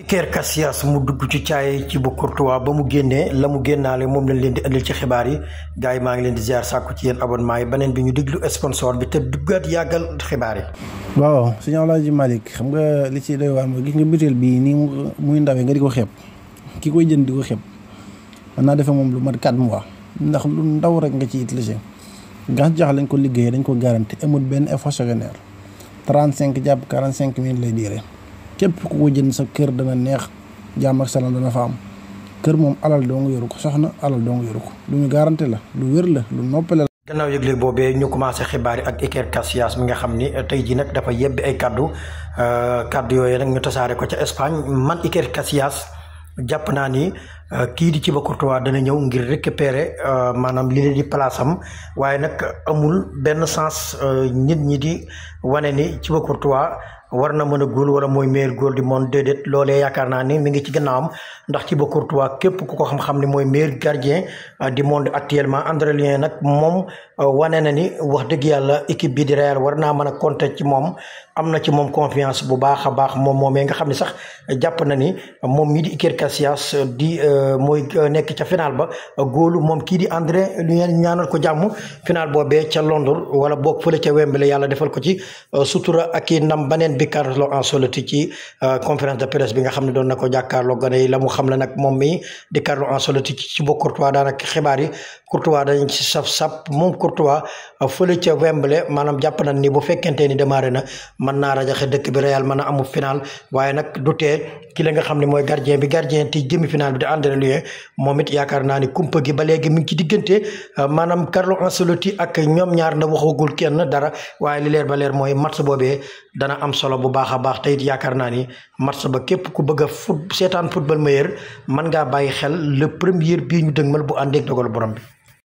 Iker Casillas mu dugg ci caay ci bu Courtois ba mu génnee la mu génnaale moom lañ leen di indil ci xibaar yi gars yi maa ngi leen di ziar sàkku ci yéen abonnement yi beneen bi ñu diglu sponsor bi te duggaat yàggal xibaar yi. waaw sëñ Alaaji Malick xam nga li ci doy waar mooy gis nga butéel bii nii muy ndawee nga di ko xeeb ki koy jën di ko xeeb mën naa defee moom lu mat 4 mois ndax lu ndaw rek nga ci utilisé gàncax lañ ko liggéeyee dañ ko garanti amul benn effet secondaire 35 jàpp 45 minutes lay diire. képp ku ko jënd sa kër dana neex jàmm ak la dana fa am kër moom alal doo nga yoru ko soxna alal doo nga ko lu ñu garanti la lu wér la lu noppale la gannaaw yëgle boobee ñu commencé xibaar yi ak Iker Casillas mi nga xam ni tey jii nag dafa yebbi ay kaddu euh, kaddu yooyu nag ñu tasaare ko ca Espagne man Iker Casillas jàpp naa ni euh, kii di Thibaut Courtois dana ñëw ngir récupérer euh, maanaam li leen di waaye nag amul benn sens nit ñi di wane ni Thibaut Courtois war na mën a góol wala mooy meilleur góol du monde déedéet loolee yaakaar naa ni mi ngi ci gannaawam ndax Thibaut Courtois képp ku ko xam-xam ne mooy meilleur gardien euh, du monde actuellement André Lunin nag moom euh, wane na ni wax dëgg yàlla équipe bi di Real war naa mën a compter ci moom am na ci moom confiance bu baax a baax moom moomee nga xam ne sax jàpp na ni moom mii di Iker Casillas di euh, mooy nekk ca final ba góolu moom kii di André Lunin ñaanal ko jàmm final boobee ca Londres wala boog fële yàlla defal ko ci bi Carlo Ancelotti ci euh, conférence de presse bi nga xam ne doon na ko jàkkaarloo gone yi la mu xam la nag moom mi di Carlo Ancelotti ci bo Courtois daanaka xibaar Courtois dañ ci saf sap moom Courtois euh, fële ca Wembley maanaam jàpp nañ ni bu fekkente ni démarré na mën naa rajaxe dëkk bi Real mën a amu final waaye nag du tee ki la nga xam ne mooy gardien bi gardien ti jëmi final bi di André Luye moom it yaakaar naa ni kumpa gi ba léegi mi ngi ci diggante euh, maanaam Carlo Ancelotti ak ñoom ñaar na waxagul kenn dara waaye li leer ba leer mooy match boobee dana am solo bu baax a baax te yaakaar naa ni match ba képp ku bëgg a fut seetaan football meilleur mën ngaa bàyyi xel le premier bii ñu dëgmal bu àndeeg dogal borom bi